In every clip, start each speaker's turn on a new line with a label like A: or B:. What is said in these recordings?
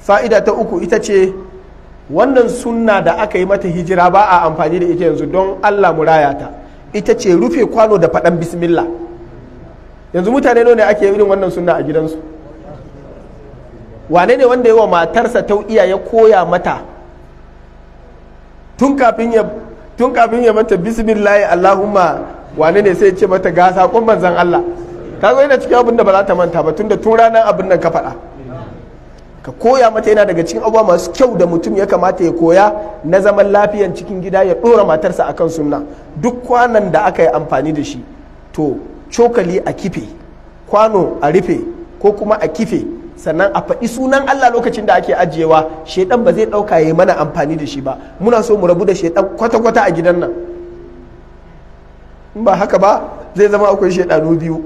A: fa'ida ta uku ita ce wannan sunna da aka yi mata hijira ba a amfani da ita yanzu don allah muraya ta ita ce rufe kwano da faɗan bismillah yanzu mutane ne ake irin wannan sunna a gidansu wane ne wanda yi wa matarsa tau'iya ya koya mata tun kafin ya mata bismillahi allahumma wane ne sai ce mata "Gasa saƙon manzan allah ta zo yana cikin abin da ba za ta manta ba tun da tun ranar abin nan ka faɗa ka koya mata yana daga cikin abubuwa masu kyau da mutum ya kamata ya koya na zaman lafiyan cikin gida ya ɗora matarsa akan sunna duk kwanan da aka yi amfani da shi to cokali a kife kwano a rufe ko kuma a kife sannan a faɗi sunan Allah lokacin da ake ajiyewa shaidan ba zai ɗauka ya yi mana amfani da shi ba muna so mu rabu da shaidan kwata-kwata a gidan nan in ba haka ba zai zama akwai shaidanu biyu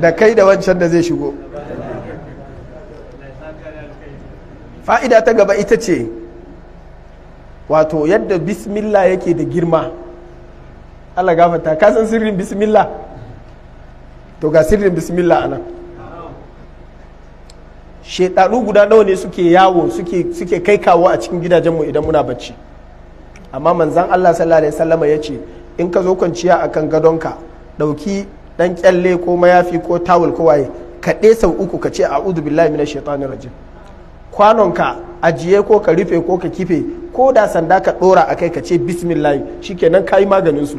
A: da kai da wancan da zai shigo fa'ida ta gaba ita ce wato yadda bismillah yake da girma allah gafata ka san sirrin bismillah to ga sirrin bismillah anan shaiɗaɗu guda nawa ne suke yawo suke kai kawo a cikin gidajenmu idan muna bacci amma manzan allah sallallahu alaihi wasallama ya ce in ka zo kwanciya a kan gadonka ɗauki dan kyalle ko mayafi ko tawul ko waye ka sau uku ka ce a'udhu billahi minash shaitanir rajim kwanonka ajiye ko ka rufe ko ka kife ko da sanda ka dora akai ka ce bismillah shikenan kai maganin su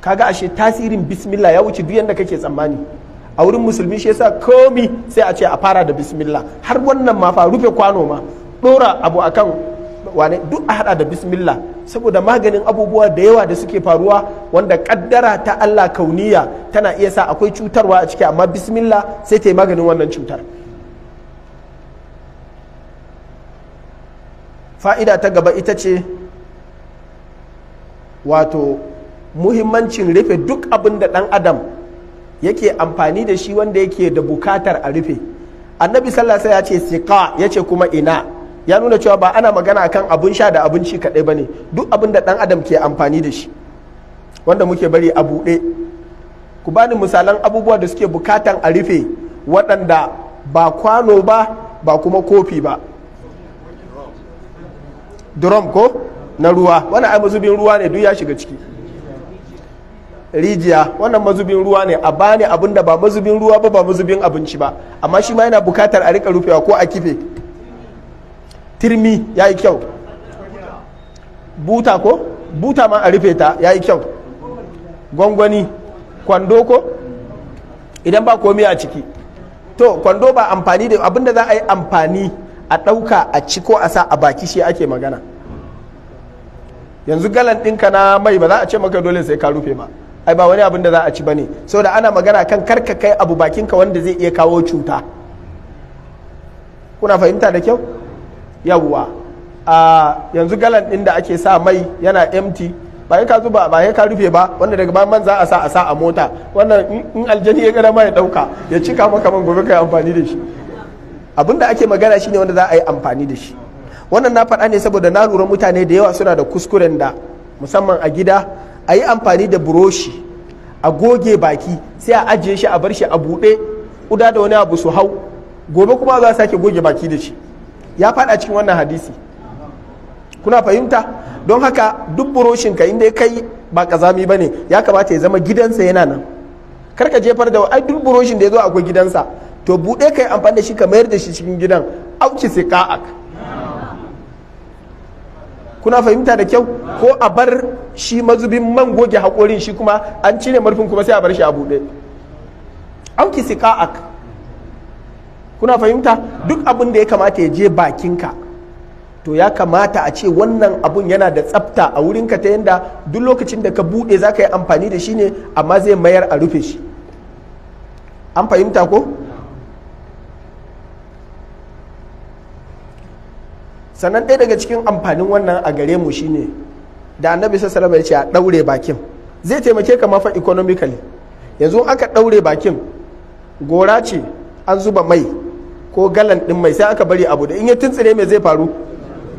A: kaga ashe tasirin bismillah ya wuce duk yanda kake tsammani a wurin musulmi shi yasa komi sai a ce a fara da bismillah har wannan ma fa rufe kwano ma dora abu akan wane duk a hada da bismillah saboda maganin abubuwa da yawa da suke faruwa wanda kaddara ta Allah kauniya tana iya sa akwai cutarwa a ciki amma bismillah sai ta yi maganin wannan cutar fa'ida ta gaba ita ce wato muhimmancin rufe duk abin da ɗan adam yake amfani da shi wanda yake da bukatar a rufe annabi sallallahu ya ce siƙa ya ce kuma ina ya nuna cewa ba ana magana kan abun sha da abinci kaɗai ba ne duk abin da ɗan adam ke amfani da shi wanda muke bari a buɗe ku bani misalan abubuwa da suke bukatan a rufe waɗanda ba kwano ba ba kuma kofi ba drum ko na ruwa wannan ai mazubin ruwa ne duk ya shiga ciki rijiya wannan mazubin ruwa ne a bani abin ba mazubin ruwa ba ba mazubin abinci ba amma shi ma yana bukatar a rika rufewa ko a kife Tirmi ya yi kyau buta ko buta ma a rufe ta ya yi kyau gwangwani kwando ko idan ba komi a ciki to kwando ba amfani da abinda za a yi amfani a ɗauka a ci ko a sa a baki shi ake magana yanzu galan ɗinka na mai ba za a ce maka dole sai ka rufe ba ai ba wani abin da za a ci bane saboda ana magana kan karka kai abu bakinka wanda zai iya kawo cuta kuna fahimta da kyau yawwa a yanzu galan din da ake sa mai yana empty ba ka zuba ba ka rufe ba wanda daga baya man za a sa a sa a mota wannan in aljani ya gara ma ya dauka ya cika maka man gobe kai amfani da shi abin da ake magana shine wanda za a yi amfani da shi wannan na faɗa ne saboda na lura mutane da yawa suna da kuskuren da musamman a gida a yi amfani da buroshi a goge baki sai a ajiye shi a bar shi a buɗe ƙuda da wani abu su hau gobe kuma za a sake goge baki da shi ya faɗa cikin wannan hadisi kuna fahimta don haka duk buroshinka inda ya kai ba kazami ba ne ya kamata ya zama gidansa yana nan karka jefar da ai duk buroshin da ya zo akwai gidansa to buɗe ka yi amfani da shi ka mayar da shi cikin gidan auki sai ka'ak kuna fahimta da kyau ko a bar shi mazubin man goge haƙorin shi kuma an cire marfin kuma sai a bar shi a buɗe auki sai ka'ak kuna fahimta duk abin da ya kamata ya je bakinka to ya kamata a ce wannan abun yana da tsafta a wurinka ta yadda duk lokacin da ka buɗe za ka yi amfani da shi ne amma zai mayar a rufe shi an fahimta ko sannan ɗaya daga cikin amfanin wannan a gare mu shine da annabi sassalama ya ce a ɗaure bakin zai taimake ka mafa economically yanzu aka ɗaure bakin gora ce an zuba mai ko galan ɗin mai sai aka bari abu da in ya tuntsire mai zai faru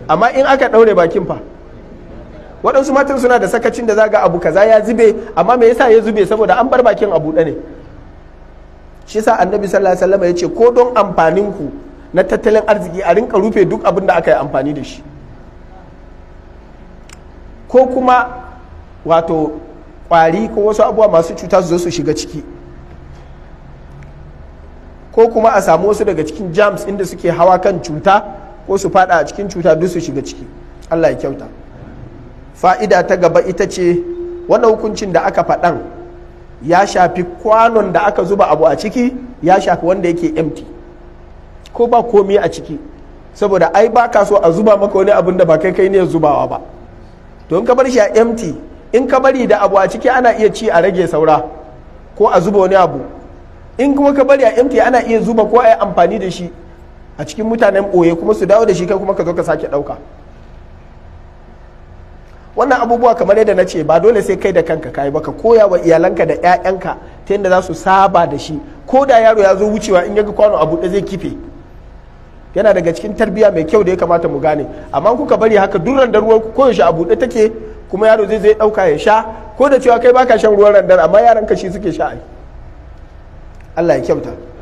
A: amma in aka ɗaure bakin fa waɗansu matan suna da sakacin da zaga abu kaza ya zube amma me yasa ya zube saboda an bar bakin abu ne shi yasa annabi sallallahu alaihi wasallam ya ce ko don amfanin ku na tattalin arziki a rinka rufe duk abin da aka yi amfani da shi ko kuma wato kwari ko wasu abubuwa masu cuta su zo su shiga ciki ko kuma a samu wasu daga cikin jams inda suke hawa kan cuta ko su fada a cikin cuta duk su shiga ciki Allah ya kyauta fa'ida ta gaba ita ce wanda hukuncin da aka faɗan ya shafi kwanon da aka zuba abu a ciki ya shafi wanda yake empty ko ba komi a ciki saboda ai ba ka so a zuba maka wani abin da ba kai kai ne zubawa ba to in ka bar shi a empty in ka bari da abu a ciki ana iya ci a rage saura ko a zuba wani abu in kuma ka bari a imta ana iya zuba ko a yi amfani da shi a cikin mutanen ɓoye kuma su dawo da shi kai kuma ka zo ka sake ɗauka wannan abubuwa kamar yadda na ce ba dole sai kai da kanka kayi ba ka koya wa iyalanka da 'ya'yanka ta yadda za su saba da shi ko da yaro ya zo wucewa in yaga kwano a buɗe zai kife yana daga cikin tarbiyya mai kyau da ya kamata mu gane amma kuka bari haka randar randar ruwan koyaushe a buɗe take kuma yaro zai zai ɗauka ya sha ko da cewa kai baka shan ruwan randar amma yaran ka shi suke sha Allah ya kyauta